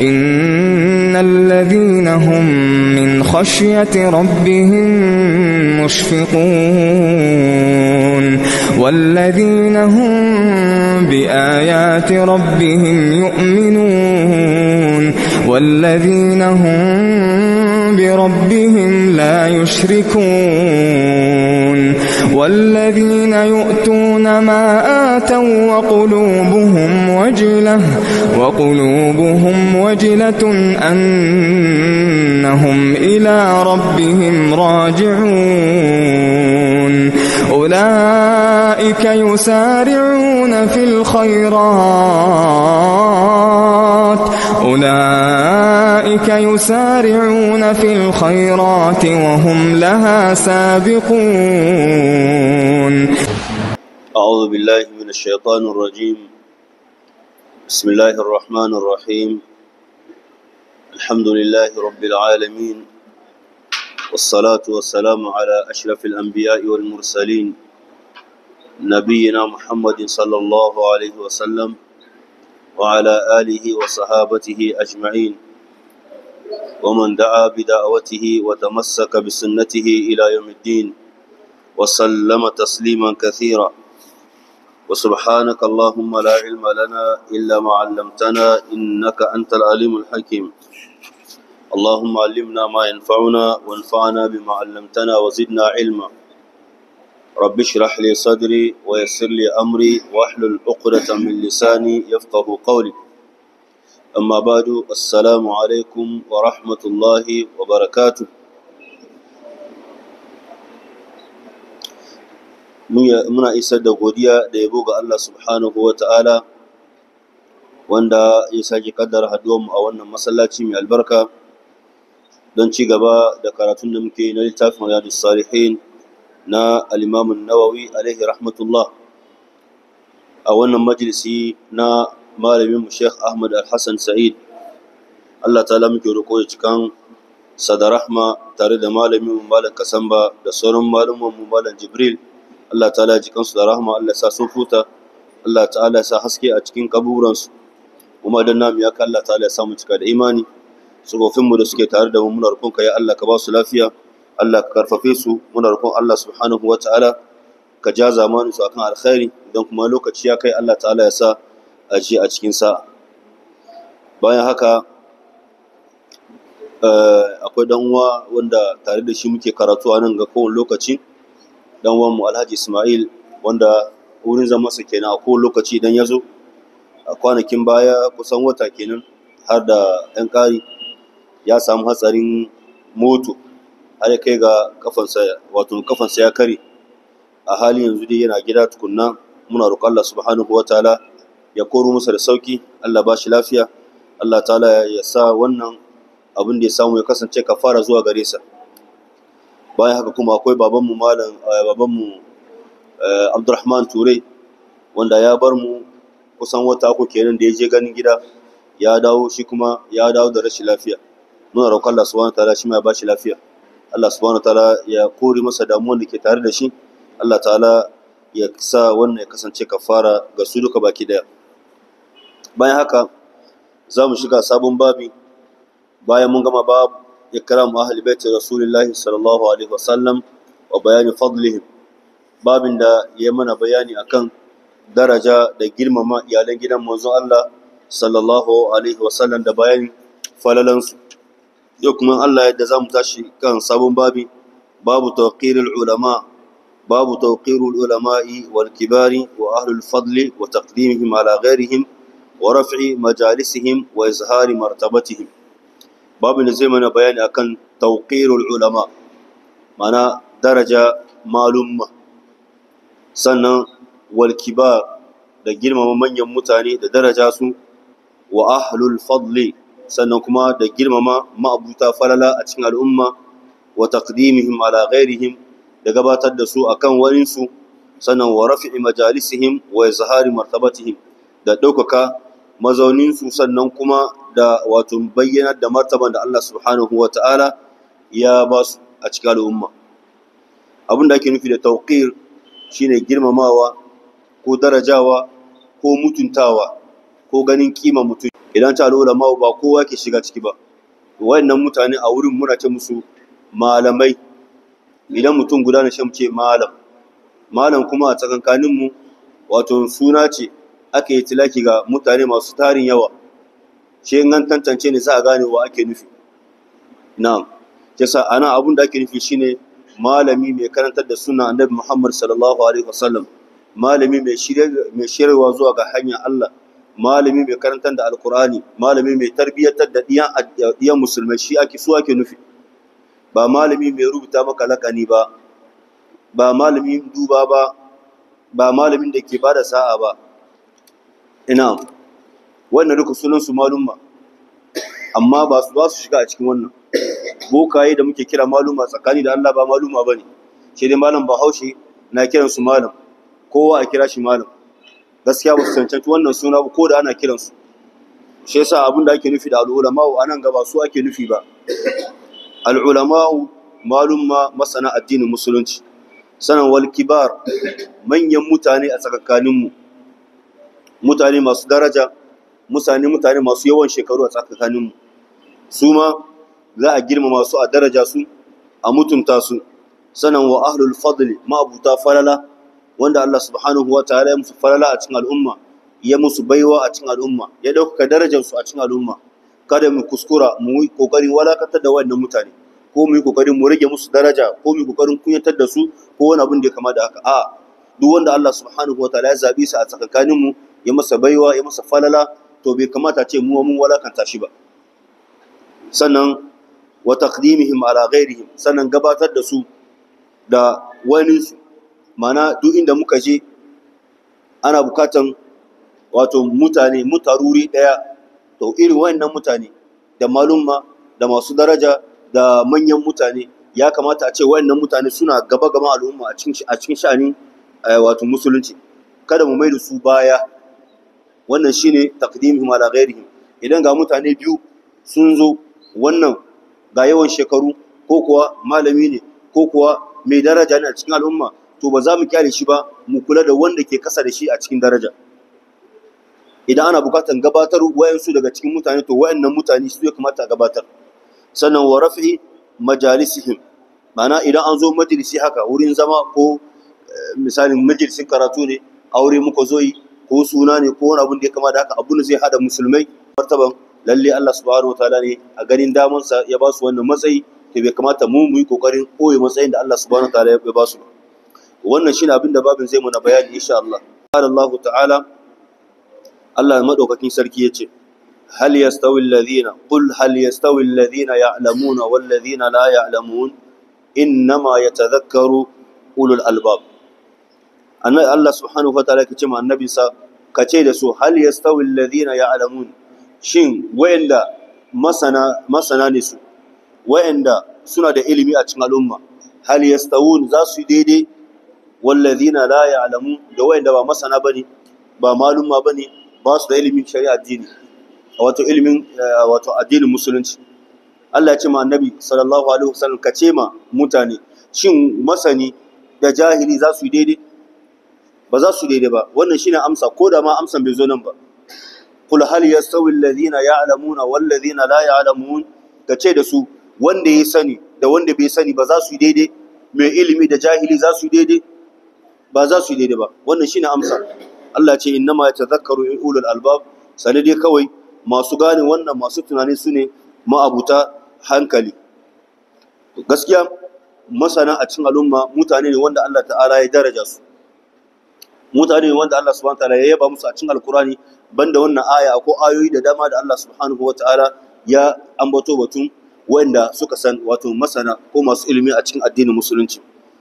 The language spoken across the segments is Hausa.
إن الذين هم من خشية ربهم مشفقون والذين هم بآيات ربهم يؤمنون والذين هم بربهم لا يشركون والذين يؤتون ما آتوا وقلوبهم وجلة وقلوبهم وجلة أنهم إلى ربهم راجعون أولئك يسارعون في الخيرات أولئك يسارعون في الخيرات وهم لها سابقون أعوذ بالله من الشيطان الرجيم بسم الله الرحمن الرحيم الحمد لله رب العالمين والصلاة والسلام على أشرف الأنبياء والمرسلين نبينا محمد صلى الله عليه وسلم وعلى آله وصحابته أجمعين ومن دعا بدعوته وتمسك بسنته إلى يوم الدين وسلم تسليما كثيرا وسبحانك اللهم لا علم لنا إلا ما علمتنا إنك أنت العليم الحكيم اللهم علمنا ما ينفعنا وانفعنا بما علمتنا وزدنا علما رب اشرح لي صدري ويسر لي أمري واحلل عقدة من لساني يفقه قولي أما بعد السلام عليكم ورحمة الله وبركاته muna isar da godiya da yabo ga Allah subhanahu wa ta'ala wanda ya sake kaddara mu a wannan masallaci mai albarka don ci gaba da karatun da muke na littafin riyadus salihin na alimamin nawawi alaihi rahmatullah a wannan majalisi na malamin mu Sheikh Ahmad Al-Hassan Sa'id Allah ta'ala muke roƙo da cikan sadarahma tare da malamin mu Malam Kasamba da sauran malamin mu Malam Jibril Allah ta'ala ji kansu da rahama Allah sa sun futa Allah ta'ala sa haske a cikin kaburansu kuma don nam ya Allah ta'ala ya samu cika da imani tsofofinmu da suke tare da mu muna ka ya Allah ka ba su lafiya Allah ka karfafe su muna roƙon Allah subhanahu wa ta'ala ka ja zamanin su akan alkhairi idan kuma lokaci ya kai Allah ta'ala ya sa a ji a cikin sa bayan haka eh, akwai dan uwa wanda tare da shi muke karatu a nan ga kowane lokaci dan mu Alhaji Ismail wanda wurin zaman sa kenan a kowane lokaci idan ya zo a kwanakin baya kusan wata kenan har da yan kari ya samu hatsarin moto har ya kai ga kafansa wato kafansa ya kare a halin yanzu dai yana gida tukunna muna roƙon Allah subhanahu ta'ala ya koro masa da sauki Allah ba shi lafiya Allah ta'ala ya sa wannan abin da ya samu ya kasance kafara zuwa gare sa bayan haka kuma akwai babanmu malam eh, babanmu eh, abdurrahman ture wanda ya bar mu kusan wata uku kenan da ya je ganin gida ya dawo shi kuma ya dawo da rashin lafiya muna roƙon Allah subhanahu wataala shi ma ya bashi lafiya Allah subhanahu wataala ya kore masa damuwar da ke tare da shi Allah ta'ala ya sa wannan ya kasance kafara ga su duka baki daya bayan haka za mu shiga sabon babi bayan mun gama babu إكرام أهل بيت رسول الله صلى الله عليه وسلم وبيان فضلهم babin da ya mana bayani akan daraja da girmama iyalan gidan manzon Allah sallallahu alaihi wasallam da bayan falalansu yau kuma Allah yadda zamu mu tashi kan sabon babi babu tawqirul ulama ulama'i wal wa ahlul fadli wa taqdimihim ala ghairihim wa raf'i majalisihim wa izhari martabatihim babu da zai mana bayani akan tauƙirul ulama mana daraja malumma sannan walkibar, da girmama manyan mutane da daraja su wa ahlul fadli sannan kuma da girmama ma'abuta falala a cikin al'umma wa taqdimihim ala ghairihim da gabatar da su akan waninsu sannan wa rafi'i majalisihim wa izhari martabatihim da ɗaukaka mazauninsu sannan kuma da wato bayyanar da martaban da Allah subhanahu wa ta'ala ya ba su a cikin al'umma abin da ake nufi da tauƙir shine girmamawa ko darajawa ko mutuntawa ko ganin kima mutum idan ta lola ma ba kowa ke shiga ciki ba wayannan mutane a wurin muna ce musu malamai idan mutum guda ne shan malam malam kuma a tsakankaninmu wato suna ce ake yi tilaki ga mutane masu tarin yawa shi in an tantance ne za a gane wa ake nufi na'am yasa ana abun da ake nufi shine malami mai karantar da sunna annabi Muhammad sallallahu alaihi wasallam malami mai shirye shirarwa zuwa ga hanyar Allah malami mai karantar da alkurani malami mai tarbiyyatar da ɗiyan musulmai shi ake su ake nufi ba malami mai rubuta maka lakani ba ba malamin duba ba ba malamin da ke bada sa'a ba ina wannan duka sunansu su malumma amma ba su ba su shiga a cikin wannan bokaye da muke kira maluma tsakani da Allah ba maluma bane shi dai malam Bahaushe na kiran su malam kowa a kira shi malam gaskiya ba su cancanci wannan suna ba ko da ana kiran su shi yasa abin da ake nufi da al'ulama a nan gaba su ake nufi ba al'ulama'u malumma masana addinin musulunci sanan wal kibar manyan mutane a tsakaninmu. mutane masu daraja mutane mutane masu yawan shekaru a tsakaninmu su ma za a girmama su a daraja su a mutunta su sanan wa ahlul fadli ma'abuta falala wanda Allah subhanahu wa ta'ala ya musu falala a cikin al'umma ya musu baiwa a cikin al'umma ya dauka darajar su a cikin al'umma kada mu kuskura mu yi kokarin walakantar da wannan mutane ko mu yi kokarin mu rage musu daraja ko mu yi kokarin kunyatar da su ko wani abin da ya kama da haka a'a duk wanda Allah subhanahu wa ta'ala ya zabi su a tsakaninmu ya masa baiwa ya masa falala to bai kamata ce mu mun walakanta shi ba sannan wa taqdimihim ala ghairihim sannan gabatar da su da wani mana duk inda muka je ana bukatan wato mutane mutaruri daya to irin wayannan mutane da malumma da masu daraja da manyan mutane ya kamata a ce wayannan mutane suna gaba gaba al'umma a cikin a cikin sha'ani eh, wato musulunci kada mu mai da su baya wannan shine taqdimuhum ala ghairihim idan ga mutane biyu sun zo wannan ga yawan shekaru ko kuwa malami ne ko kuwa mai daraja ne a cikin al'umma to ba za mu kyale shi ba mu kula da wanda ke kasa da shi a cikin daraja idan ana bukatar gabatar wayansu daga cikin mutane to wayannan mutane su ya kamata a gabatar sannan wa raf'i majalisihim ma'ana idan an zo majalisi haka wurin zama ko eh, misalin majalisin karatu ne aure muka zo yi ko suna ne ko wani abun da ya kama da haka abun da zai hada musulmai martaban lalle Allah subhanahu wataala ne a ganin daman sa ya ba su wannan matsayi to bai kamata mu mu yi kokarin koyi matsayin da Allah subhanahu wataala ya ba su ba wannan shine abin da babin zai muna bayani insha Allah qala Allah ta'ala Allah madaukakin sarki yace hal yastawi alladhina qul hal yastawi alladhina ya'lamuna wal ladhina la ya'lamun innama yatadhakkaru ulul albab annabi Allah subhanahu wataala ke ce ma annabi sa ka ce da su hal yastawi alladhina ya'lamun shin wayanda masana masana ne su wayanda suna da ilimi a cikin al'umma hal yastawun za su daidai walladhina la ya'lamun da wayanda ba masana bane ba maluma bane ba su da ilimin shari'a addini wato ilimin eh, wato addinin musulunci Allah ya ce ma annabi sallallahu alaihi wasallam ka ce ma mutane shin masani da jahili za su yi daidai ba za su daidai ba wannan shine amsa ko da ma amsan bai zo nan ba kul hal yastawi alladhina ya'lamuna wal ladhina la ya'lamun ka ce da su wanda ya sani da wanda bai sani ba za su daidai mai ilimi da jahili za su daidai ba za su daidai ba wannan shine amsa Allah ce innama yatazakkaru ulul albab sane dai kawai masu gane wannan masu tunani su ne ma'abuta hankali gaskiya masana a cikin al'umma mutane ne wanda Allah ta'ala ya daraja su mutane wanda Allah subhanahu wataala ya yaba musu a cikin alkurani banda wannan aya ko ayoyi da dama da Allah subhanahu wataala ya ambato batun wanda suka san wato masana ko masu ilimi a cikin addinin musulunci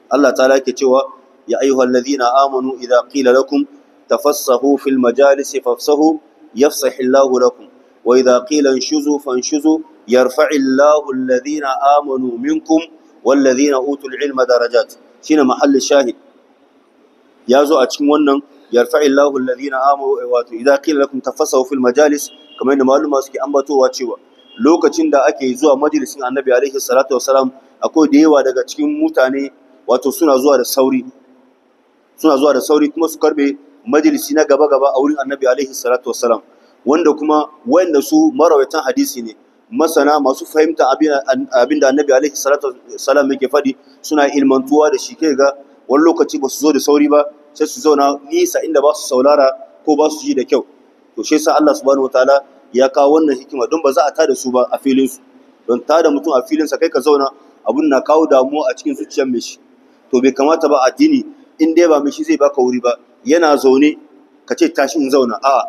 Allah ta'ala yake cewa ya ayyuhallazina amanu idza qila lakum tafassahu fil majalisi fafsahu yafsahillahu lakum wa idza qila inshuzu fanshuzu yarfa'illahu alladhina amanu minkum والذين اوتوا العلم درجات شنو محل الشاهد ya zo a cikin wannan yarfa'illahu alladhina amanu eh, wato idza qila lakum tafassahu fil majalis kamar yadda maluma suke ambatowa cewa lokacin da ake zuwa majalisin annabi alaihi salatu wasalam akwai da yawa daga cikin mutane wato suna zuwa da sauri suna zuwa da sauri kuma su karbe majalisi na gaba gaba a wurin annabi alaihi salatu wasalam wanda kuma wanda su marawaitan hadisi ne masana masu fahimta abin da annabi alaihi salatu wasalam yake faɗi suna ilmantuwa da shi kai ga wani lokaci ba su zo da sauri ba sai su zauna nisa inda ba su saulara ko ba su ji da kyau to shi yasa Allah subhanahu wataala ya kawo wannan hikima don ba za a tada su ba a filin su don da mutum a filin sa kai ka zauna abun na kawo damuwa a cikin zuciyar mai to bai kamata ba addini in dai ba mai zai baka wuri ba yana zaune ka ce tashi in zauna a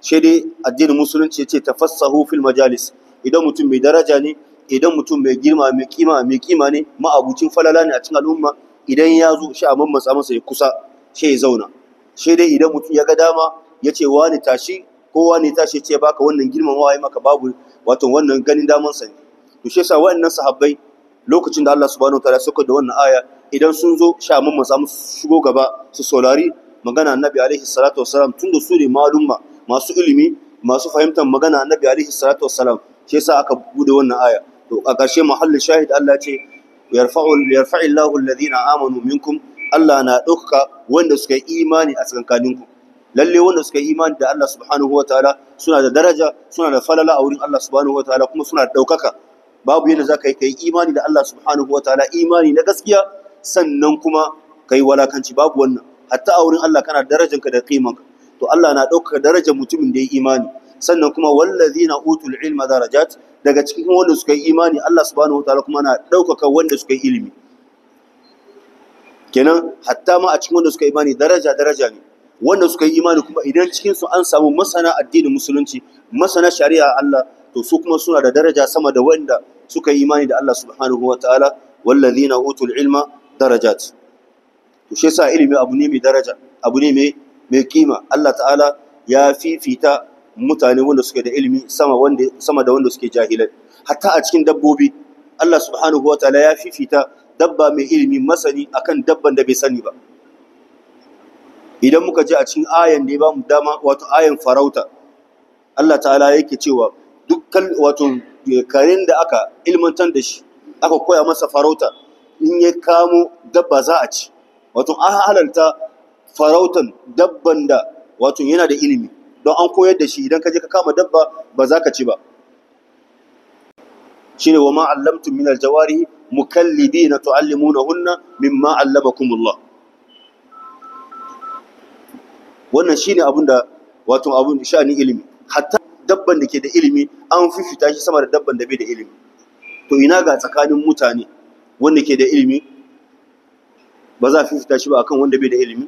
shi dai addinin musulunci ya ce tafassahu fil majalis idan mutum mai daraja ne idan mutum mai girma mai kima mai kima ne ma'abucin falala ne a cikin al'umma idan ya zo shi a mammatsa masa ya kusa shi ya zauna shi dai idan mutum ya ga dama ya ce ne tashi ko ne tashi ce baka wannan wa ya maka babu wato wannan ganin damansa ne to shi yasa waɗannan sahabbai lokacin da Allah subhanahu wataala suka da wannan aya idan sun zo shi a matsa musu shigo gaba su saurari magana annabi alaihi salatu tun da su ne malumma masu ilimi masu fahimtar magana annabi alaihi salatu wasalam shi yasa aka bude wannan aya to a ƙarshe mahallin shahid Allah ce yarfa'u yarfa'illahu alladhina amanu minkum Allah na ɗauka wanda suka yi imani a tsakankaninku lalle wanda suka yi imani da Allah subhanahu wataala suna da daraja suna da falala a wurin Allah subhanahu wataala kuma suna da ɗaukaka babu yadda za ka yi yi imani da Allah subhanahu wataala imani na gaskiya sannan kuma ka yi walakanci babu wannan hatta a wurin Allah kana darajanka da kimanka to Allah na ɗaukaka darajar mutumin da ya yi imani sannan kuma wallazina utul ilma darajat daga cikin wanda suka yi imani Allah subhanahu wataala kuma na ɗaukaka wanda suka yi ilimi kenan hatta ma a cikin wanda suka yi imani daraja daraja ne wanda suka yi imani kuma idan cikin su an samu masana addinin musulunci masana shari'a Allah to su kuma suna da daraja sama da wanda suka yi imani da Allah subhanahu wataala wallazina utul ilma darajat to shi yasa ilimi abu ne mai daraja abu ne mai mai kima Allah ta'ala ya fifita mutane wanda suke da ilimi sama wanda sama da wanda suke jahilai hatta a cikin dabbobi Allah subhanahu wataala ya fifita dabba mai ilimi masani akan dabban da bai sani ba idan muka je a cikin ayan da ya mu dama wato ayan farauta Allah ta'ala yake cewa dukkan wato karin da aka ilmantar da shi aka koya masa farauta in ya kamo dabba za a ci wato an halarta farautan dabban da wato yana da ilimi don an koyar da shi idan ka je ka kama dabba ba za ka ci ba Shi ne wa ma allamtum min aljawarihi hunna min ma’allama allamakumullah wannan ne abin da wato abin sha'ani ilimi hatta dabban da ke da ilimi an fifita shi sama da dabban da bai da ilimi to ina ga tsakanin mutane wanda ke da ilimi ba za a fifita shi ba akan wanda bai da ilimi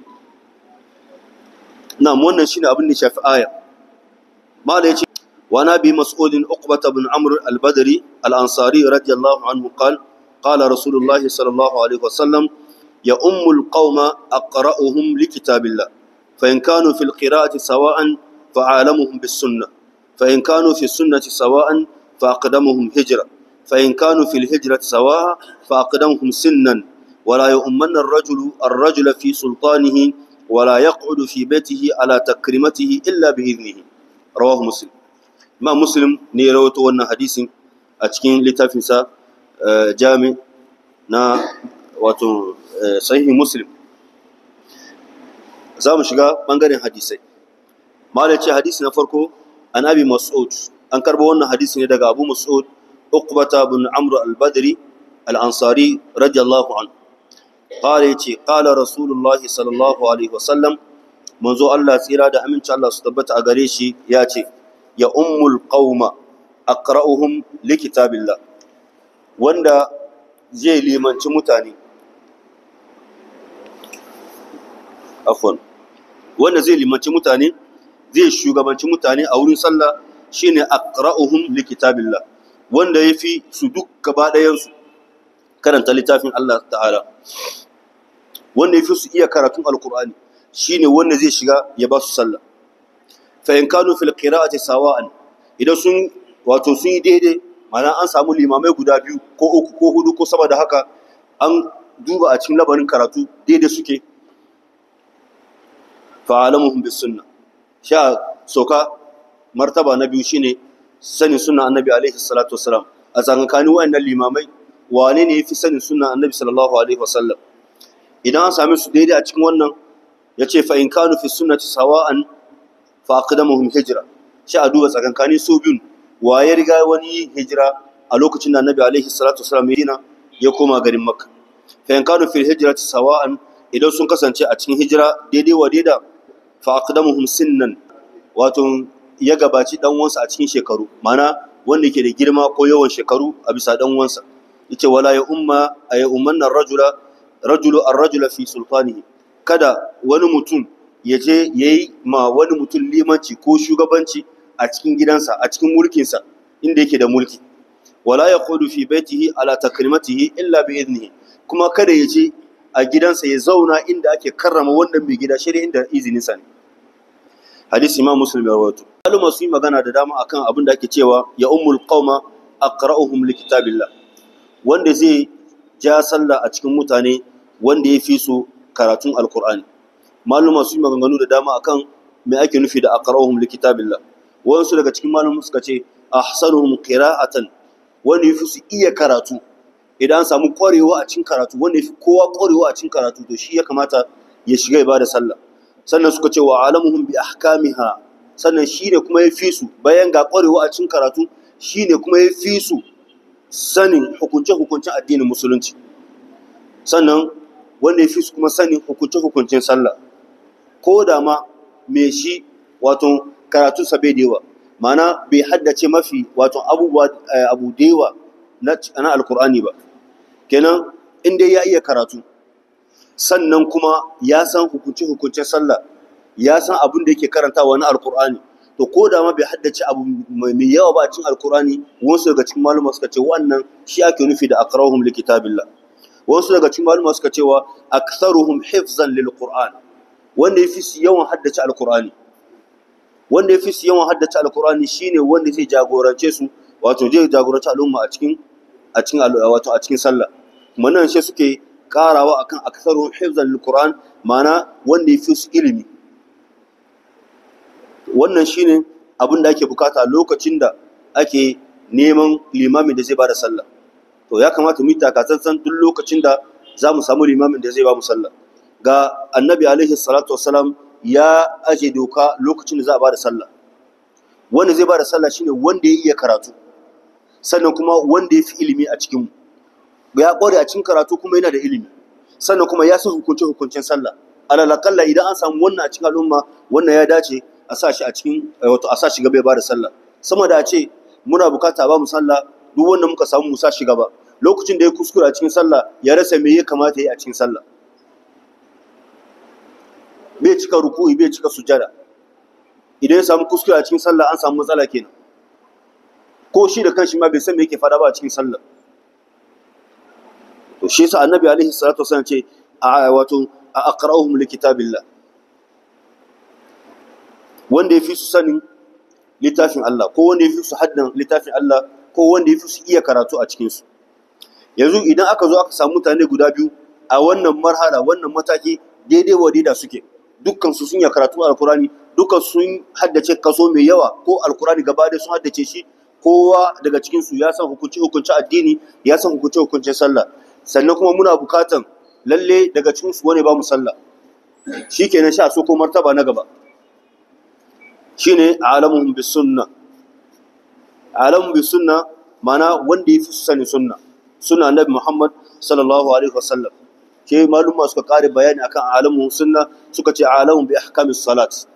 na'am wannan shine abin da shafi aya mala yace wa na bi mas'udin uqbat ibn amr al-badri al-ansari radiyallahu anhu qala qala rasulullah sallallahu alaihi wasallam ya ummul qauma aqra'uhum likitabillah fa Fahimkanu kanu fil qira'ati sawa'an fa'alamuhum bis sunnah Fahimkanu in kanu fi sunnati sawa'an fa'aqdamuhum hijra Fahimkanu in kanu fil hijrati sawa'a fa'aqdamuhum sinnan ولا يؤمن الرجل الرجل في سلطانه ولا يقعد في بيته على تكريمته إلا بإذنه رواه مسلم ما مسلم نيروت وانا حديث أتكين لتفنسا جامع نا واتو صحيح مسلم زام شغا بانغارين حديثي ما لتي حديث نفركو أن أبي مسعود أن كربو وانا حديث ندقى أبو مسعود أقبة بن عمرو البدري الأنصاري رضي الله عنه qala ce, qala rasulullahi sallallahu alaihi wasallam manzo Allah tsira da aminci Allah su tabbata a gare shi ya ce ya ummul a aqra'uhum likitabillah wanda zai limanci mutane afwan wanda zai limanci mutane zai shugabanci mutane a wurin sallah shine aqra'uhum likitabillah wanda ya fi su duk gaba karanta littafin Allah ta'ala wanda yafi su iya karatun alkur'ani ne wanda zai shiga ya ba su sallah fa in kanu fil qira'ati sawa'an idan sun wato sun yi daidai mana an samu limamai guda biyu ko uku ko hudu ko sama da haka an duba a cikin labarin karatu daidai suke fa alamuhum bis sha soka martaba na biyu shine sanin suna annabi a tsakankanin waɗannan limamai wane ne fi sanin sunan annabi sallallahu alaihi wasallam idan an sami su daidai a cikin wannan ya ce fa in kanu fi sunnati sawa'an fa aqdamuhum hijra shi a duba tsakankanin su biyun waye riga wani hijira a lokacin da annabi alaihi salatu wasallam yana ya koma garin Makka fa in kanu fi hijrati sawa'an idan sun kasance a cikin hijira daidai wa daida fa aqdamuhum sinnan wato ya gabaci dan wansa a cikin shekaru mana wanda ke da girma ko yawan shekaru a bisa dan wansa yace wala ya umma ay rajula rajulu ar-rajula fi sultanihi kada wani mutum yaje yayi ma wani mutum limanci ko shugabanci a cikin gidansa a cikin mulkinsa inda yake da mulki wala yaqudu fi baitihi ala takrimatihi illa bi idnihi kuma kada yaje a gidansa ya zauna inda ake karrama wannan mai gida shari'a inda izininsa ne hadisi imam muslim ya rawaito maluma su yi magana da dama akan abin da ake cewa ya ummul qauma aqra'uhum likitabillah wanda zai ja sallah a cikin mutane wanda ya fi su karatun alkur'ani maluma su yi maganganu da dama akan mai ake nufi da likita biLla. wasu daga cikin malumin suka ce a ahsanuhum kira'atan wanda fi su iya karatu idan samu kwarewa a cikin karatu wanda fi kowa kwarewa a cikin karatu to shi ya kamata ya shiga da sallah sannan suka ce wa alamuhun bi ahkamiha sannan shi ne kuma ya fi su bayan ga kwarewa a cikin karatu shi ne kuma ya fi su sanin hukunce-hukuncen addinin musulunci sannan wanda ya fi kuma sanin hukunce-hukuncen sallah ko da ma mai shi wato karatu bai dewa mana bai haddace mafi wato eh, abu dewa na alkur'ani ba kenan inda ya iya karatu sannan kuma ya san hukunce-hukuncen sallah ya san abin da yake karantawa na alkur'ani to ko da ma bai haddace abu mai yawa ba a cikin alkurani wasu daga cikin maluma suka ce wannan shi ake nufi da akrahum li kitabillah wasu daga cikin maluma suka ce wa aktharuhum hifzan lil qur'an wanda yafi su yawan haddace alkurani wanda yafi su yawan haddace alkurani shine wanda zai jagorance su wato zai jagorance al'umma a cikin a cikin wato a cikin sallah kuma nan shi suke karawa akan aktharuhum hifzan lil qur'an ma'ana wanda yafi su ilimi wannan shine abin da ake bukata lokacin da ake neman limamin da zai ba da sallah to ya kamata mu yi takatsantsan duk lokacin da za mu samu limamin da zai ba mu sallah ga annabi alaihi salatu wasalam ya aje doka lokacin da za a ba da sallah wanda zai ba bada sallah shine wanda ya iya karatu sannan kuma wanda ya fi ilimi a cikin ya kware a cikin karatu kuma yana da ilimi sannan kuma ya san hukunce hukuncin sallah alalakalla idan an samu wannan a cikin al'umma wannan ya dace a sa shi a cikin eh, wato a sa shi gaba ya bada sallah sama da a ce muna bukata ba mu sallah duk wanda muka samu mu sa shi gaba lokacin da ya kuskura a cikin sallah ya rasa me ya kamata ya yi a cikin sallah bai cika ruku'i bai cika sujada idan ya samu kuskura a cikin sallah an samu matsala kenan ko shi da kanshi ma bai san me yake fada ba a cikin sallah to shi yasa annabi alaihi salatu wasallam ce a wato a aqra'uhum likitabillah wanda ya fi su sanin littafin Allah ko wanda ya fi su haddan littafin Allah ko wanda ya fi su iya karatu a cikinsu yanzu idan aka zo aka samu mutane guda biyu a wannan marhala wannan mataki daidai wa daida suke dukkansu sun iya karatu alkurani dukkan sun haddace kaso mai yawa ko alkurani gaba da sun haddace shi kowa daga cikinsu ya san hukunci hukunci addini ya san hukunci hukunci sallah sannan kuma muna bukatan lalle daga cikinsu wani ba mu sallah kenan sha so ko martaba na gaba ne alamun bi sunna alamun bi sunna mana wanda ya fi sani sunna suna annabi muhammad sallallahu alaihi wasallam ke maluma suka kare bayani akan alamun sunna suka ce alamun bi ahkamis salat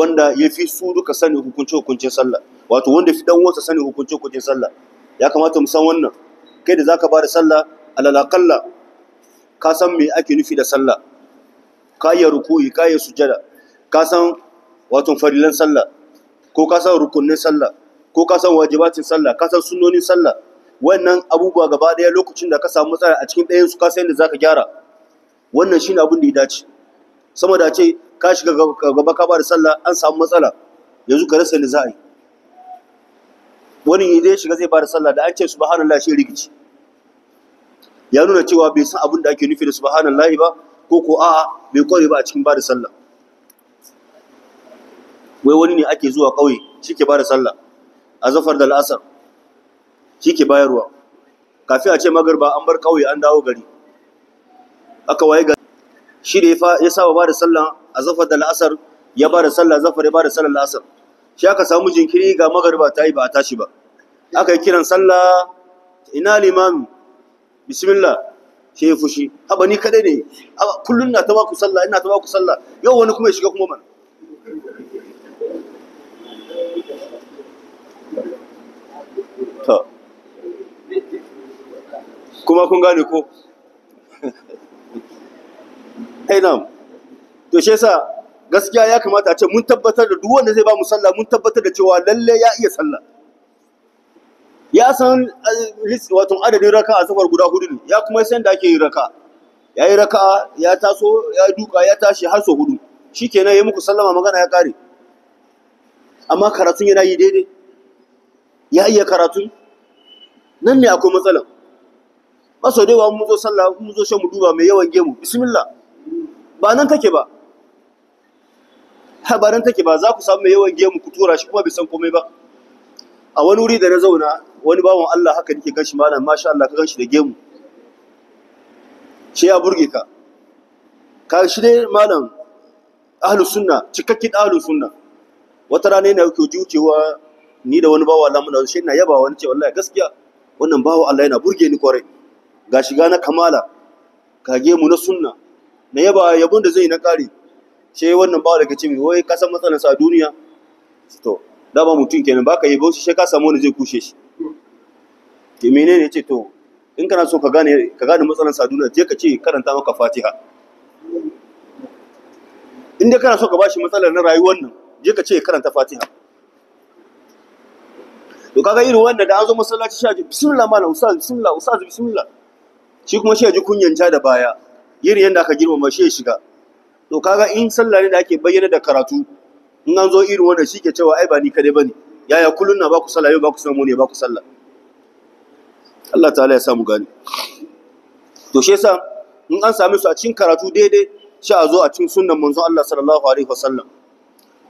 wanda ya fi su duka sani hukunce hukuncin sallah wato wanda fi dan wasa sani hukunce hukuncin sallah ya kamata mu san wannan kai da za ka ba da sallah alalakalla ka san me ake nufi da sallah ka yi rukuyi ka yi sujada ka san wato farilan sallah ko ka san rukunin sallah ko ka san wajibatin sallah ka san sunnonin sallah wannan abubuwa gaba daya lokacin da ka samu matsala a cikin ɗayan su ka san da zaka gyara wannan shine abin da ya dace sama da ce ka shiga gaba ka ba da sallah an samu matsala yanzu ka rasa yadda za a yi wani ya shiga zai ba da sallah da an ce subhanallah shi rigici ya nuna cewa bai san abin da ake nufi da subhanallahi ba ko ko a'a bai kware ba a cikin ba da sallah wai wani ne ake zuwa ƙauye shi ke ba da sallah a zafar da la'asar shi ke bayarwa kafin a ce magarba an bar ƙauye an dawo gari aka waye gari shi da ya saba ba da sallah a zafar da la'asar ya ba da sallah zafar ya ba da sallah la'asar shi aka samu jinkiri ga magarba ta yi ba a tashi ba aka yi kiran sallah ina limami bismillah shi ya fushi haba ni kadai ne kullum na ta ba ku sallah ina ta ba ku sallah yau wani kuma ya shiga kuma mana ta kuma kun gane ko ainam to shi yasa gaskiya ya kamata a ce mun tabbatar da duk wanda zai ba mu sallah mun tabbatar da cewa lalle ya iya sallah ya san eh, wato adadin raka'a safar guda hudu ne ya kuma san da ake yin raka'a ya yi raka'a ya taso ya duka ya tashi har so hudu shikenan ya muku sallama magana ya kare amma karatun yana yi daidai ya iya karatu nan ne akwai matsala maso wa mun zo sallah mun zo shan mu duba mai yawan gemu bismillah ba nan take ba nan take ba za ku samu mai yawan gemu ku tura shi kuma bai san komai ba a wani wuri da na zauna wani bawan Allah haka nake shi malam masha Allah ka ganshi da gemu shi ya burge ka ka shi dai malam ahlus sunna cikakken ahlus sunna wata rana yana yake wucewa ni da wani bawa Allah muna shi ina yaba wani ce wallahi gaskiya wannan bawa Allah yana burge ni kwarai ga shiga na kamala kage mu na sunna na yaba yabon da zai na kare she wannan bawa daga ce wai kasan matsalan sa duniya to da ba mutun kenan baka yabo shi she ka samu ne zai kushe shi ke menene ce to in kana so ka gane ka gane matsalar sa duniya je ka ce karanta maka Fatiha in kana so ka bashi matsalar na rayuwar nan je ka ce karanta Fatiha to kaga irin wanda da an zo masallaci shi bismillah malam ustaz bismillah ustaz bismillah shi kuma shi ya ji ta da baya irin yanda aka girmama shi ya shiga to kaga in sallah ne da ake bayyana da karatu in an zo irin wanda shi ke cewa ai ba ni kadai bane yaya kullun na ku sallah yau ku samu ne ba ku sallah Allah ta'ala ya samu gani to shi yasa in an same su a cikin karatu daidai shi a zo a cikin sunnan manzon Allah sallallahu alaihi wasallam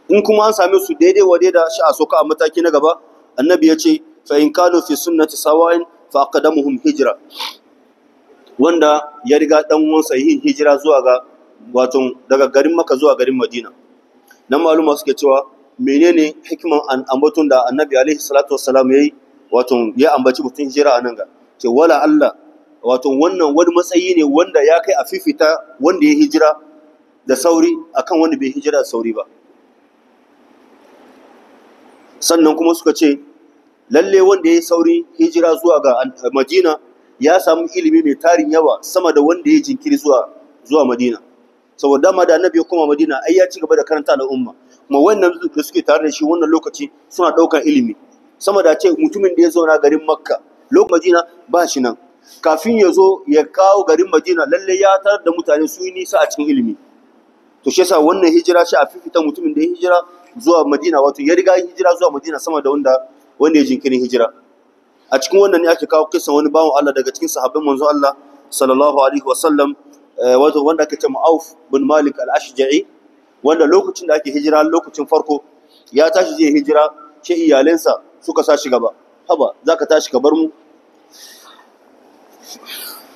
in kuma an same su daidai wa daidai shi a soka a mataki na gaba annabi ya ce fa in kanu fi sunnati sawa'in fa aqdamuhum hijra wanda ya riga dan uwansa yin hijira zuwa ga wato daga garin Makka zuwa garin Madina nan maluma suke cewa menene hikiman an ambatun da annabi alaihi salatu wassalam yayi wato ya ambaci mutun hijira anan ga ce wala Allah wato wannan wani matsayi ne wanda ya kai a fifita wanda ya hijira da sauri akan wanda bai hijira da sauri ba sannan kuma suka ce lalle wanda ya sauri hijira zuwa ga madina ya samu ilimi mai tarin yawa sama da wanda ya jinkiri zuwa zuwa madina saboda ma da annabi ya koma madina ai ya ci gaba da karanta al'umma kuma wannan da suke tare da shi wannan lokaci suna ɗaukar ilimi sama da ce mutumin da ya zauna garin makka lokacin madina ba shi nan kafin ya zo ya kawo garin madina lalle ya tarar da mutane su yi nisa a cikin ilimi to shi yasa wannan hijira shi a fifita mutumin da ya hijira zuwa madina wato ya riga hijira zuwa madina sama da wanda wanda ya jinkirin hijira a cikin wannan ne ake kawo kisan wani bawan Allah daga cikin sahabban manzon Allah sallallahu alaihi wasallam eh, wato wanda aka ce Auf bin Malik al-Ashja'i wanda lokacin da ake hijira lokacin farko ya tashi zai hijira shi iyalensa suka sa shi gaba haba zaka tashi ka bar mu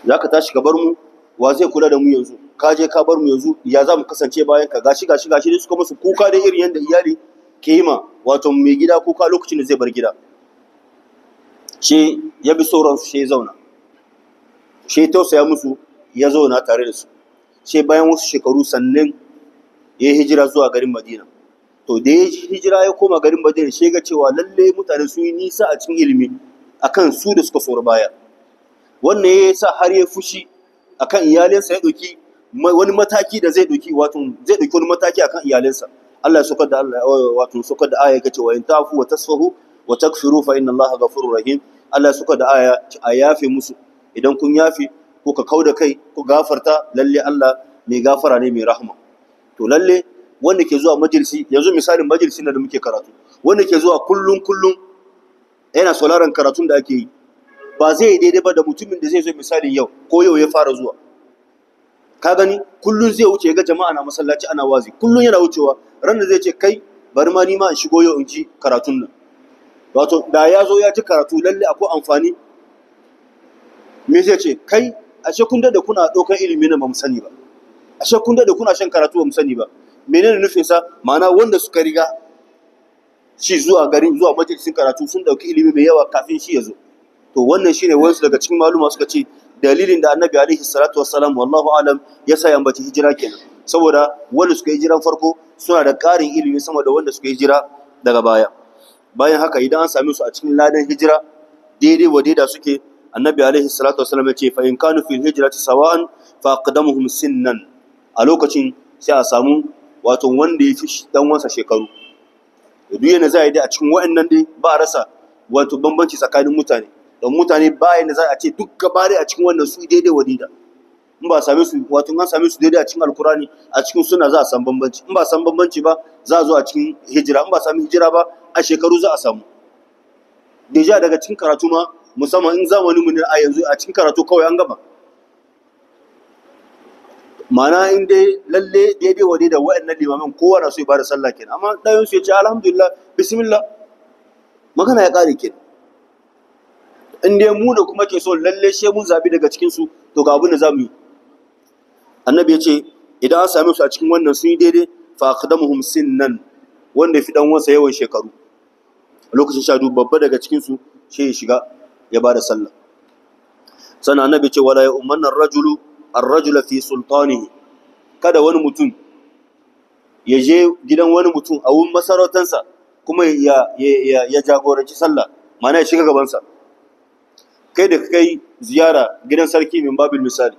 zaka tashi ka bar mu wa zai kula da mu yanzu ka je ka bar mu yanzu ya za mu kasance bayan ka gashi gashi gashi su suka musu kuka da irin yadda iyali ke yi ma wato mai gida kuka lokacin da zai bar gida shi ya bi sauran su shi zauna shi tausaya musu ya zauna tare da su shi bayan wasu shekaru sannan ya hijira zuwa garin madina to da ya hijira ya koma garin madina shi ga cewa lalle mutane sun yi nisa a cikin ilimi akan su da suka tsoro baya wannan ya sa har ya fushi akan iyalinsa ya ɗauki wani mataki da zai ɗauki wato zai ɗauki wani mataki akan iyalinsa Allah ya sokar da Allah eh, wato sokar da aya kace wa in tafu wa tasfahu wa takfiru fa inna Allah ghafurur rahim Allah ya sokar da aya a yafe musu idan kun yafe ko ka kauda kai ko gafarta lalle Allah mai gafara ne mai rahama to lalle wanda ke zuwa majalisi yanzu misalin majalisi na da muke karatu wanda ke zuwa kullun kullun yana sauraron karatun da ake yi ba zai daidai ba da mutumin da zai zo misalin yau ko yau ya fara zuwa ka gani kullun zai wuce ga jama'a na masallaci ana wazi kullun yana wucewa Randa zai ce kai bari ma ni ma in shigo yau in ji karatun nan wato da ya zo ya ji karatu lalle akwai amfani me zai ce kai ashe kun da kuna ɗaukar ilimi na ba mu sani ba ashe kun da kuna shan karatu ba mu sani ba menene nufin sa ma'ana wanda suka riga shi zuwa garin zuwa majalisin karatu sun ɗauki ilimi mai yawa kafin shi ya zo to wannan shine wasu daga cikin maluma suka ce dalilin da annabi alaihi salatu wassalam wallahu alam ya sa yambaci hijira kenan saboda wanda suka hijiran farko suna da ƙarin ilimi sama da wanda suka hijira daga baya bayan haka idan an same su a cikin ladan hijira daidai wa daida suke annabi alaihi salatu wassalam ya ce fa in kanu fil hijrati sawa'an fa aqdamuhum sinnan a lokacin sai a samu wato wanda ya fi dan wansa shekaru duk yana zai a yi a cikin wa'annan dai ba a rasa wato bambanci tsakanin mutane don mutane bayan da za a ce duk gabare a cikin wannan su daidai wadida in ba same su wato an same su daidai a cikin alkurani a cikin suna za a san bambanci in ba san bambanci ba za a zo a cikin hijira in ba sami hijira ba a shekaru za a samu deja daga cikin karatu ma musamman in zamani mu ne a yanzu a cikin karatu kawai an gaba mana in dai lalle daidai wa da wa'annan limamin kowa na so ya bada sallah kenan amma dayan su ya ce alhamdulillah bismillah magana ya kare kenan in dai mu da kuma ke so lalle she mun zabi daga cikin su to ga abin da zamu yi annabi ya ce idan an same su a cikin wannan sun yi daidai fa khadamuhum sinnan wanda fi dan wasa yawan shekaru lokacin shadu babba daga cikin su she ya shiga ya bada sallah sannan annabi ce wala ya umman ar-rajulu ar-rajula fi sultanihi kada wani mutum ya je gidan wani mutum a wurin masarautansa kuma ya jagoranci sallah mana ya shiga gabansa kai da kai ziyara gidan sarki min babil misali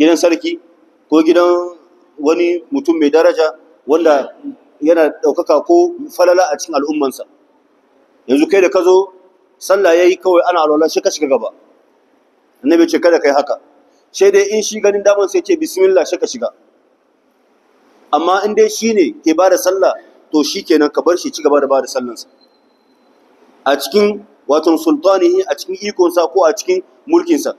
gidan sarki ko gidan wani mutum mai daraja wanda yana ɗaukaka ko falala a cikin al'ummansa yanzu kai da ka zo sallah ya yi kawai ana alwala shi ka shiga gaba annabi ce kada yi haka sai dai in shi ganin daman sai ce bismillah shi ka shiga amma in dai shi ne ke ba da sallah to shi kenan ka bar shi ci gaba da ba da sallansa a cikin wato sultanihi a cikin ikonsa ko a cikin mulkinsa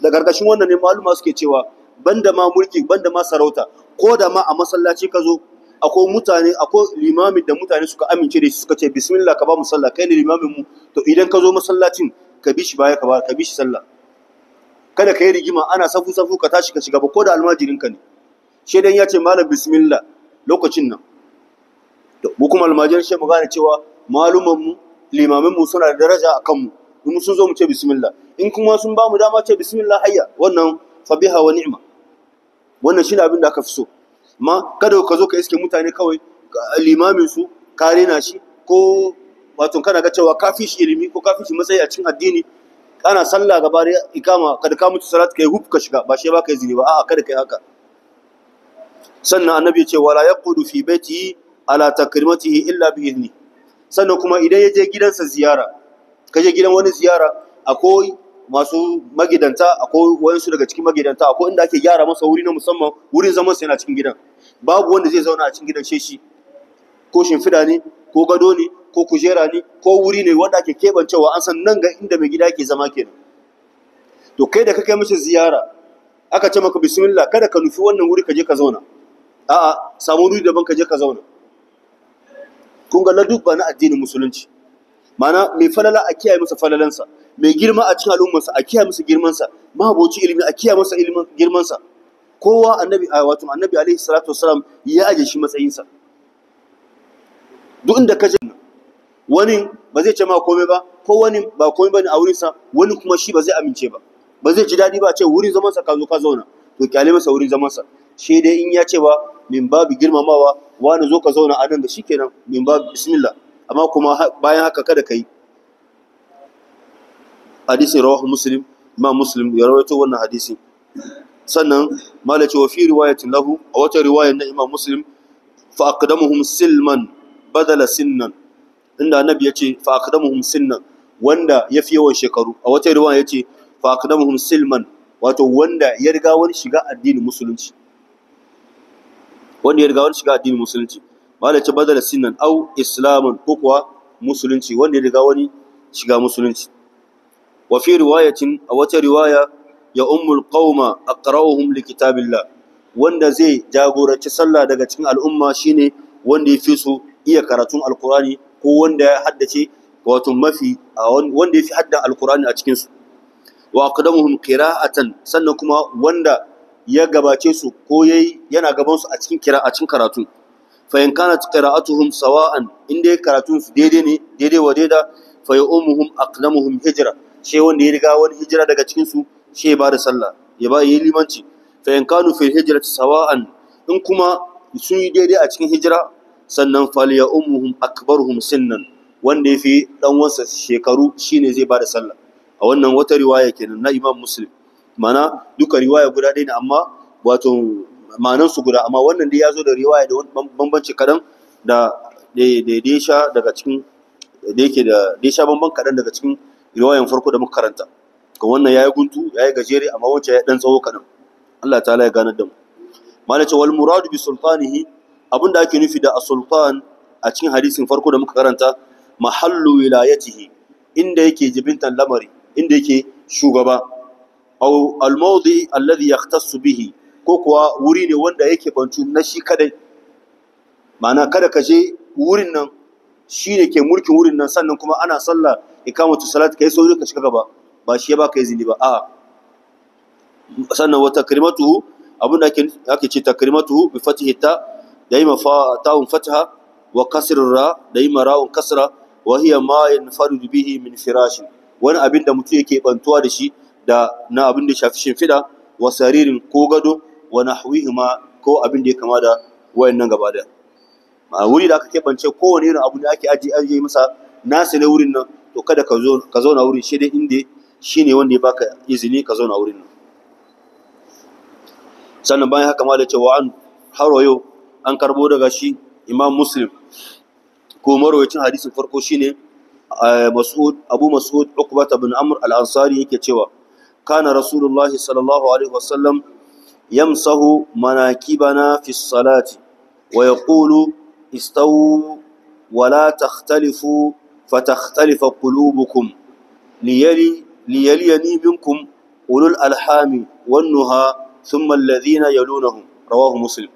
da gargashin wannan ne maluma suke cewa banda ma mulki banda ma sarauta ko da ma a masallaci ka zo akwai mutane akwai limamin da mutane suka amince da shi suka ce bismillah ka ba mu sallah kai ne limamin mu to idan ka zo masallacin ka bi shi baya ka ba ka bi shi sallah kada ka yi rigima ana safu safu ka tashi ka shiga ba ko da almajirin ka ne dan ya ce malam bismillah lokacin nan to mu kuma almajirin shi mu cewa maluman mu limamin mu suna da daraja a kanmu in sun zo mu ce bismillah in kuma sun ba mu dama ce bismillah hayya wannan fa biha wa ni'ma wannan shi ne abin da aka fi so amma kada ka zo ka iske mutane kawai limamin su ka rena shi ko wato kana ga cewa ka fi shi ilimi ko ka shi matsayi a cikin addini kana sallah gaba da ikama kada ka mutu salat kai hub ka shiga ba shi ba kai zini ba a'a kada kai haka sannan annabi ya ce wala yaqudu fi baiti ala takrimatihi illa bi idnihi sannan kuma idan ya je gidansa ziyara ka je gidan wani ziyara akwai masu magidanta akwai wayansu daga cikin magidanta akwai inda ake gyara masa wuri na musamman wurin zaman sa yana cikin gidan babu wanda zai zauna a cikin gidan sheshi ko shimfida ne ko gado ne ko kujera ne ko wuri ne wanda ake kebancewa an san nan ga inda mai gida yake zama kenan to kai da kake kai mishi ziyara aka ce maka bismillah kada ka nufi wannan wuri ka je ka zauna a'a samu wuri daban ka je ka zauna kun ga ba na addinin musulunci Ma'ana mai falala a kiyaye masa falalansa mai girma a cikin al'ummarsa a kiyaye masa girmansa mahaboci ilimi a kiyaye masa girmansa kowa annabi a wato annabi alaihi salatu wasalam ya aje shi matsayinsa duk inda ka je wani ba zai ce ma komai ba ko wani ba komai bane a wurinsa wani kuma shi ba zai amince ba ba zai ji daɗi ba a ce wurin zamansa ka zo ka zauna to kyale masa wurin zamansa shi dai in ya ce ba min babu girmamawa wani zo ka zauna a nan da shi kenan min ba bismillah amma kuma bayan haka kada ka yi hadisi rawahu muslim ma muslim ya rawaito wannan hadisi sannan malaci wa fi riwayatin lahu a wata riwayar na imam muslim fa aqdamuhum silman badala sinnan inda annabi yace fa aqdamuhum sinnan wanda yafi yawan shekaru a wata riwaya yace fa aqdamuhum silman wato wanda ya riga wani shiga addinin musulunci wanda ya riga wani shiga addinin musulunci malaci badala sinan au islamun ko kuwa musulunci wanda ya riga wani shiga musulunci wa fi riwayatin a wata riwaya ya ummul qauma aqra'uhum likitabillah wanda zai jagoranci sallah daga cikin al'umma shine wanda ya fi su iya karatun alqur'ani ko wanda ya haddace wato mafi wanda ya fi hadda alqur'ani a cikin su wa aqdamuhum qira'atan sannan kuma wanda ya gabace su ko yayi yana gaban su a cikin kira a cikin karatu fa in kanat qira'atuhum sawa'an inda karatun su daidai ne daidai wa daida fa yu'umuhum aqlamuhum hijra she wanda ya riga wani hijira daga cikin su she ba bada sallah ya ba yi limanci fa in kanu fil hijrati sawa'an in kuma sun yi daidai a cikin hijira sannan fal ya'umuhum akbaruhum sinnan wanda ya fi dan wansa shekaru shine zai bada sallah a wannan wata riwaya kenan na Imam Muslim mana duka riwaya guda ɗaya ne amma wato manan su guda amma wannan dai ya zo da riwaya da bambanci kaɗan da da sha daga cikin da yake da da sha bamban kaɗan daga cikin riwayan farko da muka karanta ga wannan yayi guntu yayi gajere amma wancan ya dan tsawo kaɗan Allah ta'ala ya ganar da mu malai wal muradu bi sultanihi da ake nufi da a sultan a cikin hadisin farko da muka karanta mahallu wilayatihi inda yake jibintan lamari inda yake shugaba au al-mawdi alladhi yahtassu bihi ko kuwa wuri ne wanda yake bancu na shi kadai ma'ana kada ka je wurin nan shine ke mulkin wurin nan sannan kuma ana sallah ikamatu salat kai sauri ka shiga gaba ba shi ya baka izini ba a'a sannan wa takrimatuhu abin da ake ce takrimatuhu bi fatihi ta da yi mafa ta'un fataha wa kasrir ra da yi mara'un kasra wa hiya ma yanfaridu bihi min firashin wani abin da mutum yake bantuwa da shi da na abin da shafi shimfiɗa wa saririn ko gado wa nahwihima ko abin da ya kama da wayannan gaba da ma wuri da aka keɓance kowane irin abu da ake ajiye aje masa nasa ne wurin nan to kada ka zo ka zauna wurin shi dai inda shi ne wanda ya baka izini ka zauna wurin nan sannan bayan haka ma da cewa an haro yau an karbo daga shi imam muslim ko marwayacin hadisin farko shine eh, mas'ud abu mas'ud uqbata bin amr al-ansari yake cewa kana rasulullahi sallallahu alaihi wasallam yamsahu manakibana fi salati wa yaqulu istawu wa la takhtalifu fatakhtalifa qulubukum liyali liyaliyani minkum ulul alhami wan nuha thumma alladhina yalunahum rawahu muslim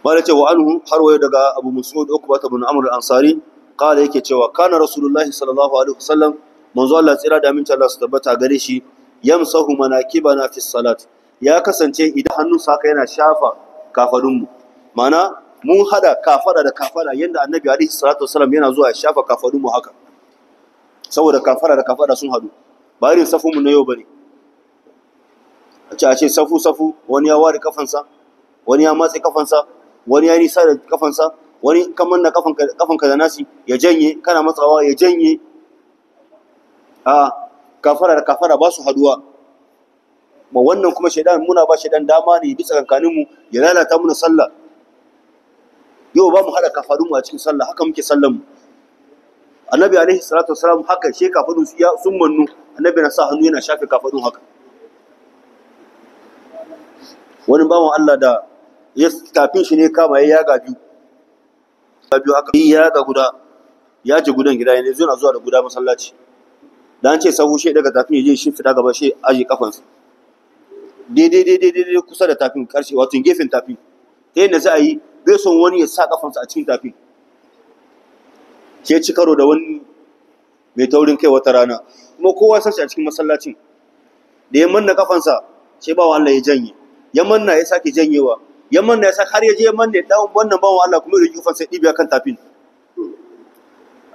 bala ce wa anhu har waya daga abu mus'ud ukba ibn amr al-ansari qala yake cewa kana rasulullahi sallallahu alaihi wasallam manzo Allah tsira da aminta Allah su tabbata gare shi yamsahu manakibana fi salat ya kasance idan hannun haka yana shafa kafadun mu mana mun hada kafada da kafada yanda annabi alaihi salatu wasallam yana zuwa ya shafa kafadun mu haka saboda kafara da kafada sun hadu ba irin safun mu na yau bane a ce a ce safu safu wani ya ware kafansa wani ya matse kafansa wani ya nisa da kafansa wani kamar na kafanka da nasi ya janye kana matsawa ya janye a kafara da kafara ba su haduwa ma wannan kuma shaidan muna ba shaidan dama ne bisa kankaninmu ya lalata muna sallah yau ba mu haɗa kafarunmu a cikin sallah haka muke sallanmu annabi alaihi salatu wasalam haka shi kafarun su ya sun mannu annabi na sa hannu yana shafe kafarun haka wani mu Allah da ya tafin shi ne kama ya yaga biyu biyu haka ya yaga guda ya ji gudan gida ne zuwa zuwa da guda masallaci da an ce sahu shi daga tafin ya je shi fita gaba shi aje kafansa daidai daidai daidai kusa da tafin karshe wato gefen tafin ta yadda za a yi bai son wani ya sa kafansa a cikin tafin ke ci karo da wani mai taurin kai wata rana kuma kowa san shi a cikin masallacin da ya manna kafansa sai ba Allah ya janye ya manna ya sake janyewa ya manna ya sake har ya je ya manna ya dawo wannan ba Allah kuma ya kufan sai dibiya kan tafin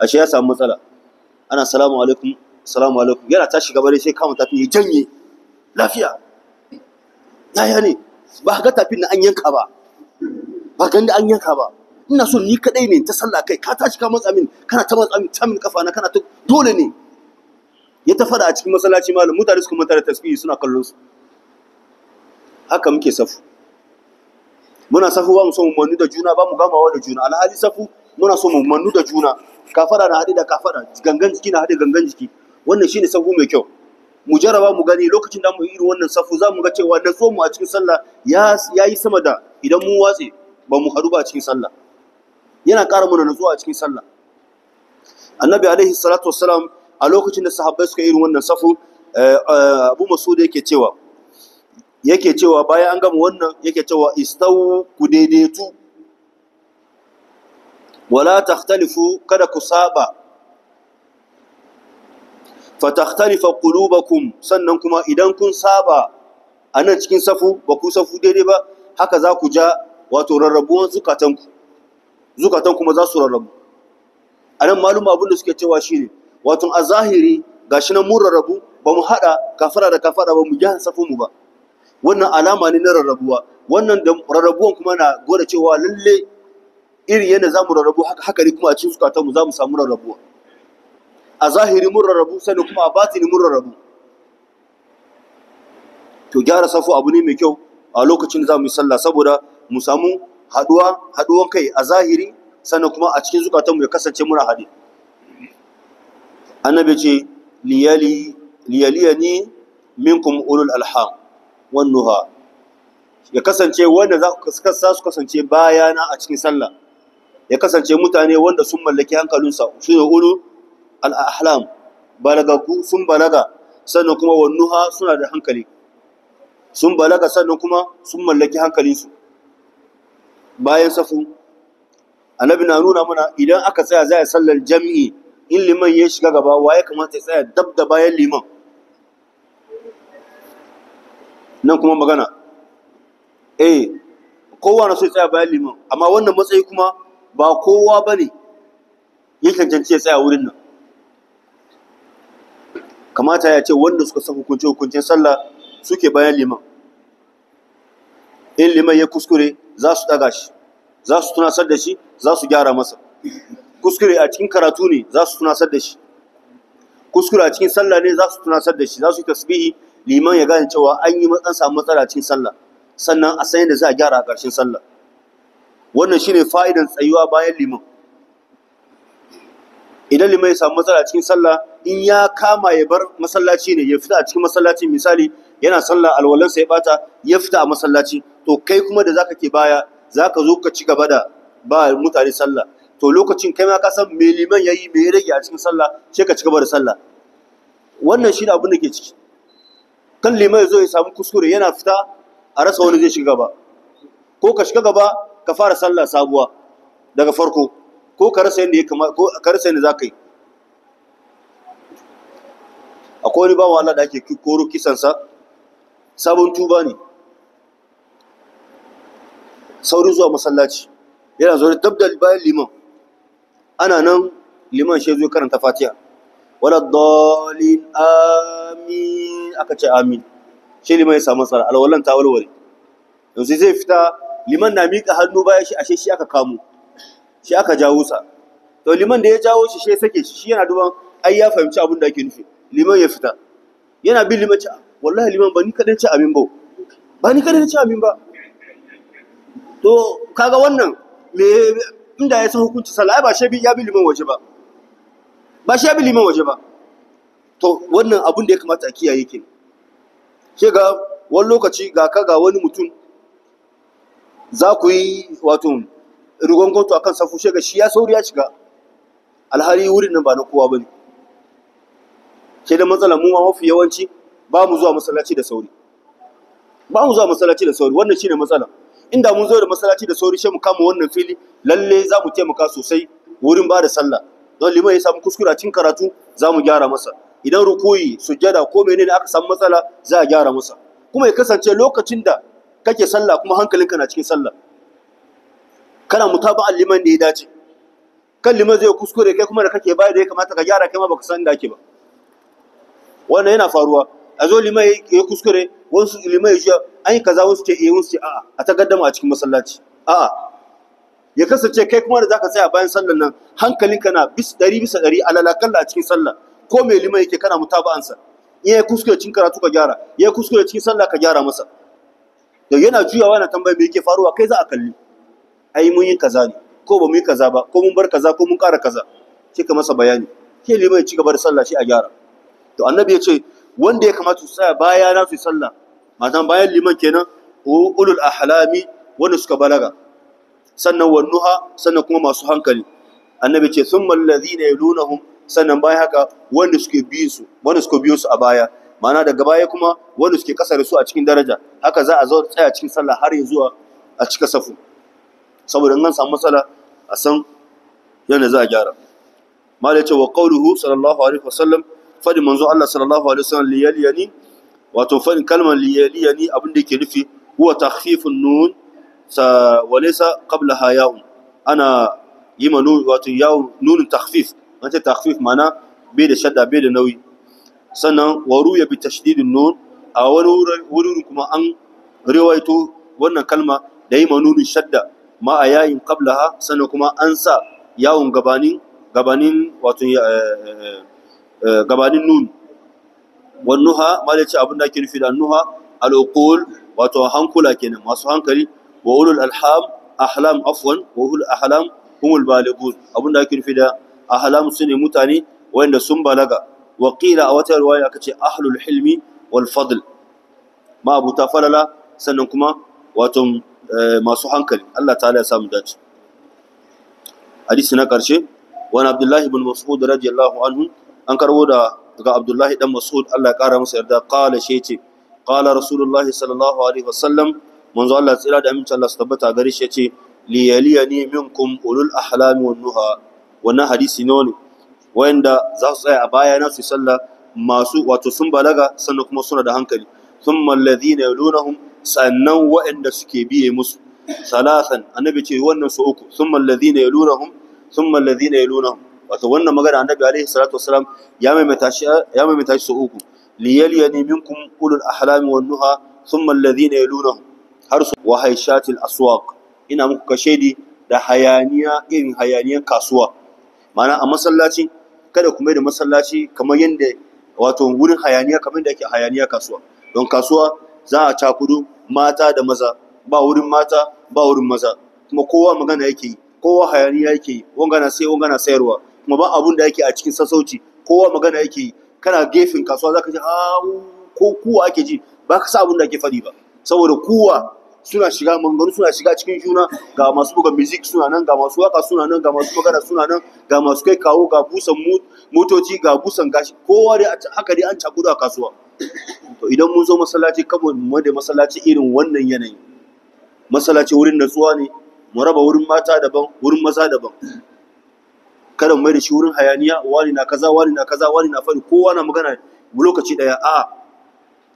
ashe ya samu matsala ana assalamu alaikum salamu alaikum yana ta shiga bare sai kama tafin ya janye lafiya yaya ne ba ga tafin na an yanka ba ba da an yanka ba ina so ni kadai ne ta sallah kai ka tashi shiga matsa min kana ta matsa min kafa na kana ta dole ne ya ta fada a cikin masallaci malam mutane su kuma tare tasbihi suna kallon su haka muke safu muna safu ba mu so mu mannu da juna ba mu gamawa da juna alhali safu muna so mu mannu da juna Kafara na haɗe da kafara, gangan jiki na haɗe gangan jiki wannan shine sahu mai kyau mu jaraba mu gani lokacin da mu yi irin wannan safu za mu ga cewa da so mu a cikin sallah ya yayi sama da idan mu watsi ba mu haɗu ba a cikin sallah yana ƙara mana nutsuwa a cikin sallah annabi alaihi salatu wassalam a lokacin da sahabbai suka yi irin wannan safu eh, eh, abu masud yake cewa yake cewa bayan an gama wannan yake cewa istawu ku daidaitu wala takhtalifu kada ku saba fatakhtalifa qulubakum sannan kuma idan kun saba anan cikin safu ba ku safu daidai ba haka za ku ja wato rarrabuwan zukatanku zukatan kuma za su rarrabu anan malum abin da suke cewa shine wato a zahiri gashi nan mun rarrabu ba mu hada kafara da kafara ba mu ja safu mu ba wannan alama ne na rarrabuwa wannan da rarrabuwan kuma na gode cewa lalle irin yana za mu rarrabu haka haka ne kuma a cikin zukatanmu za mu samu rarrabuwa a zahiri mun sani kuma a batini mun rarrabu to gyara safo abu ne mai kyau a lokacin da za mu yi sallah saboda mu samu haduwa haduwan kai a zahiri sannan kuma a cikin zukatanmu ya kasance muna haɗe annabi ce liyaliya liyaliyani minkum ulul alham wannu ha? ya kasance wanda za su kasance bayana a cikin sallah ya kasance mutane wanda sun mallaki hankalinsa ne ulul al'ahlam balagaku sun balaga sannan kuma wannuha suna da hankali sun balaga sannan kuma sun mallaki hankalinsu bayan safu annabi na nuna mana idan aka tsaya za a sallar jami'i in liman ya shiga gaba wa ya kamata ya tsaya dab da bayan liman nan kuma magana eh kowa na so ya tsaya bayan liman amma wannan matsayi kuma ba kowa ba ne ya cancanci ya tsaya wurin nan kamata ya ce wanda suka san hukunci hukuncin sallah suke bayan liman in liman ya kuskure za su daga shi za su tunasar da shi za su gyara masa kuskure a cikin karatu ne za su tunasar da shi kuskure a cikin sallah ne za su tunasar da shi za su yi tasbihi liman ya gane cewa an yi matsan samu matsala cikin sallah sannan a san da za a gyara a ƙarshen sallah wannan shine fa'idan tsayuwa bayan liman idan liman ya samu matsala cikin sallah in ya kama ya bar masallaci ne ya fita a cikin masallaci misali yana sallah alwalansa ya bata ya fita a masallaci to kai kuma da zaka ke baya zaka zo ka ci gaba da ba mutane sallah to lokacin kai ma ka san me liman yayi me rage a cikin sallah sai ka ci gaba da sallah wannan shi da abin da ke ciki kan liman ya zo ya samu kuskure yana fita a rasa wani zai shiga gaba ko ka shiga gaba ka fara sallah sabuwa daga farko ko ka rasa yadda ya kama ko ka rasa yadda yi akwai wani bawa Allah da ake koro kisansa sabon tuba ne Sauri zuwa masallaci yana zaune dab da bayan liman ana nan liman shi zo karanta fatiha wala dalin amin aka ce amin shi liman ya samu tsara alwalan ta walwale yanzu zai fita liman na miƙa hannu baya shi ashe shi aka kamo shi aka jawo sa to liman da ya jawo shi shi ya sake shi yana duban ai ya fahimci abin da ake nufi liman ya fita yana bin liman ci wallahi liman ba ni kadai ci abin ba ba ni kadai ci abin ba to kaga wannan me inda ya san hukunci sallah ba shi ya bin liman waje ba ba shi ya bin liman waje ba to wannan abun da ya kamata a kiyaye ke ke ga wani lokaci ga ka ga wani mutum za ku yi wato rigon goto akan safu shi ga shi ya sauri ya shiga alhari wurin nan ba na kowa bane sai da matsalar mu mafi yawanci ba mu zuwa masallaci da sauri ba mu zuwa masallaci da sauri wannan shine matsala inda mun zo da masallaci da sauri sai mu kama wannan fili lalle za mu taimaka sosai wurin ba da sallah don liman ya samu kuskura cin karatu za mu gyara masa idan rukuyi sujjada ko menene aka samu matsala za a gyara masa kuma ya kasance lokacin da kake sallah kuma hankalinka na cikin sallah kana mutaba'a liman da ya dace kan liman zai kuskure kai kuma da kake bayar da ya kamata ka gyara kai ma baka san da ake ba wannan yana faruwa a zo limai ya kuskure wasu limai ya an yi kaza wasu ce eh wasu ce a'a a ta gaddama a cikin masallaci a'a ya kasance kai kuma da zaka tsaya bayan sallar nan hankalinka na bis ɗari bisa ɗari alalakalla a cikin sallah ko mai liman yake kana mutaba'ansa ansa. ya kuskure cikin karatu ka gyara ya kuskure cikin sallah ka gyara masa da yana juyawa na tambayi me yake faruwa kai za a kalli ai mun yi kaza ne ko ba mun yi kaza ba ko mun bar kaza ko mun ƙara kaza sai ka masa bayani ke limai ya ci gaba da sallah shi a gyara to annabi ya ce wanda ya kamata su tsaya baya na su sallah matan bayan liman kenan ulul ahlami wanda suka balaga sannan wannuha sannan kuma masu hankali annabi ce thumma alladhina yalunhum sannan bayan haka wanda suke biyin su wanda suka biyo su a baya ma'ana daga baya kuma wanda suke kasar su a cikin daraja haka za a zo tsaya cikin sallah har zuwa a cika safu saboda an samu matsala a san yana za a gyara malaka ce wa qawluhu sallallahu alaihi wasallam fadi manzo Allah sallallahu alaihi wasallam liyaliyani wato fadin kalmar liyaliyani abin da yake nufi huwa takhfifun nun sa walaysa qablaha ya'un ana yima nun wato ya'un nunun takhfif wata takhfif mana bai da shadda bai da nauyi sannan waru ya bi tashdidin nun a wani wurin kuma an riwaito wannan kalma da yima nunun shadda ma a yayin qablaha sannan kuma an sa yawon gabanin gabanin wato eh, eh, eh, Eh, gabanin nun wannuha ma da ce abin da ake nufi da annuha al'uqul wato hankula kenan masu hankali wa alham ahlam afwan wa ahlam humul balighun abin da ake nufi da ahlam su ne mutane wanda sun balaga wa a wata riwaya aka ce ahlul hilmi wal fadl ma abu ta falala sannan kuma wato eh, masu hankali Allah ta'ala ya samu dace hadisi na karshe wani abdullahi bin mas'ud radiyallahu anhu an karbo da daga abdullahi dan mas'ud Allah ya kara masa yarda qala shi ce qala rasulullahi sallallahu alaihi wasallam manzo Allah tsira da amincin Allah su tabbata gare shi ce li yaliyani minkum ulul ahlam wan nuha wannan hadisi ne ne wanda za su tsaya a baya na su sallah masu wato sun balaga sannan kuma suna da hankali thumma alladhina yalunahum sannan wa'anda suke biye musu salasan annabi ce wannan su uku thumma alladhina yalunahum thumma alladhina yalunahum wato wannan magana annabi alaihi salatu wasalam ya maimaita shi ya maimaita shi uku liyaliyani minkum ulul ahlami wan nuha thumma alladhina yalunahum har su wa haishatil aswaq ina muku kashedi da hayaniya irin hayaniyan kasuwa ma'ana a masallaci kada ku mai da masallaci kamar yanda wato wurin hayaniya kamar yanda ake hayaniya kasuwa don kasuwa za a takudu mata da maza ba wurin mata ba wurin maza kuma kowa magana yake yi kowa hayaniya yake yi wanga na sai wanga na sayarwa kuma ba abun da yake a cikin sassauci kowa magana yake yi kana gefen kasuwa zaka ji ah, ko kuwa ake ji ba ka sa abun da ake faɗi ba saboda kuwa suna shiga maganganu suna shiga cikin juna ga masu buga music suna nan ga masu waka suna nan ga masu magana suna nan ga masu kai kawo ga busan motoci ga busan gashi kowa dai haka dai an cakudu a kasuwa to idan mun zo masallaci kabo mu da masallaci irin wannan yanayi masallaci wurin natsuwa ne mu raba wurin mata daban wurin maza daban kada mai da shi wurin hayaniya wani na kaza wani na kaza wani na fari kowa na magana lokaci daya a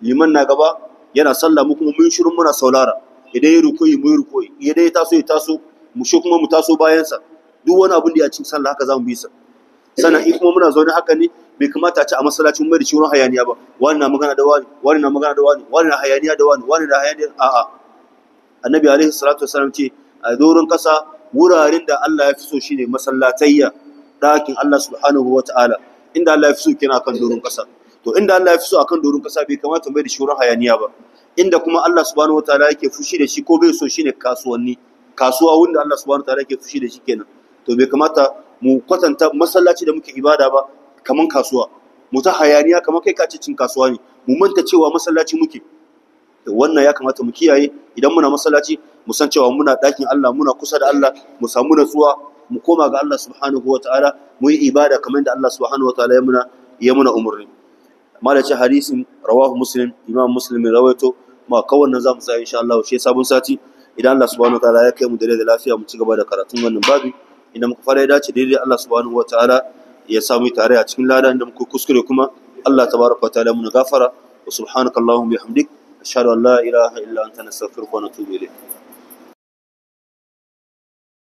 liman na gaba yana sallah mu kuma mun shirin muna saulara idan ya rukoyi mu rukoyi idan ya taso ya taso mu shi kuma mu taso bayan sa duk wani abin da ya cin sallah haka zamu bi sa sannan in kuma muna zaune haka ne bai kamata a ci a masallacin mai da shi wurin hayaniya ba wani na magana da wani wani na magana da wani wani na hayaniya da wani wani na hayaniya a'a annabi alaihi salatu wasallam ce a doron kasa wuraren da Allah ya fi so shine masallatayya ɗakin Allah subhanahu wa ta'ala inda Allah ya fi so kenan akan doron ƙasa to inda Allah ya fi so akan doron ƙasa bai kamata mai da shi hayaniya ba inda kuma Allah subhanahu wa ta'ala yake fushi da shi ko bai so shine kasuwanni kasuwa wanda Allah subhanahu wa ta'ala yake fushi da shi kenan to bai kamata mu kwatanta masallaci da muke ibada ba kaman kasuwa mu ta hayaniya kaman kai kace cin kasuwa ne mu manta cewa masallaci muke wannan ya kamata mu kiyaye idan muna masallaci mu san cewa muna ɗakin Allah muna kusa da Allah mu samu natsuwa mu koma ga Allah subhanahu wa ta'ala mu yi ibada kamar da Allah subhanahu wa ta'ala ya muna umurni malaci hadisin rawahu muslim imam muslim ya rawaito ma kawai nan mu tsaya insha Allah shi sabon sati idan Allah subhanahu wa ta'ala ya kai mu da da lafiya mu ci gaba da karatun wannan babi idan muka fara ya dace daidai Allah subhanahu wa ta'ala ya samu tare a cikin lada inda muka kuskure kuma Allah ta wa ta'ala mu gafara wa subhanakallahumma bihamdik ashhadu an la ilaha illa na nastaghfiruka wa natubu ilayk